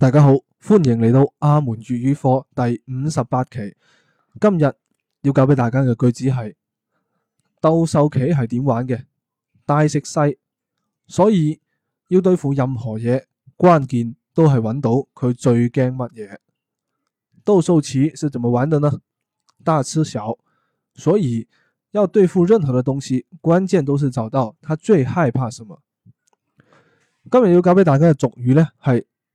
大家好，歡迎嚟到阿門粵語課第五十八期。今日要教俾大家嘅句子係鬥獸棋係點玩嘅？大食細，所以要對付任何嘢，關鍵都係揾到佢最驚乜嘢。鬥獸棋是怎麼玩的呢？大吃小，所以要對付任何的東西，關鍵都是找到他最害怕什麼。今日要教俾大家嘅俗語呢係，是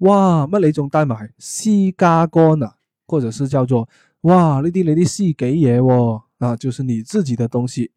哇！乜你仲帶埋私家干啊？或者是叫做哇，呢啲你啲私己嘢喎？啊，就是你自己的東西。